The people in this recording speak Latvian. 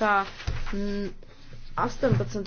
kā mm, 18.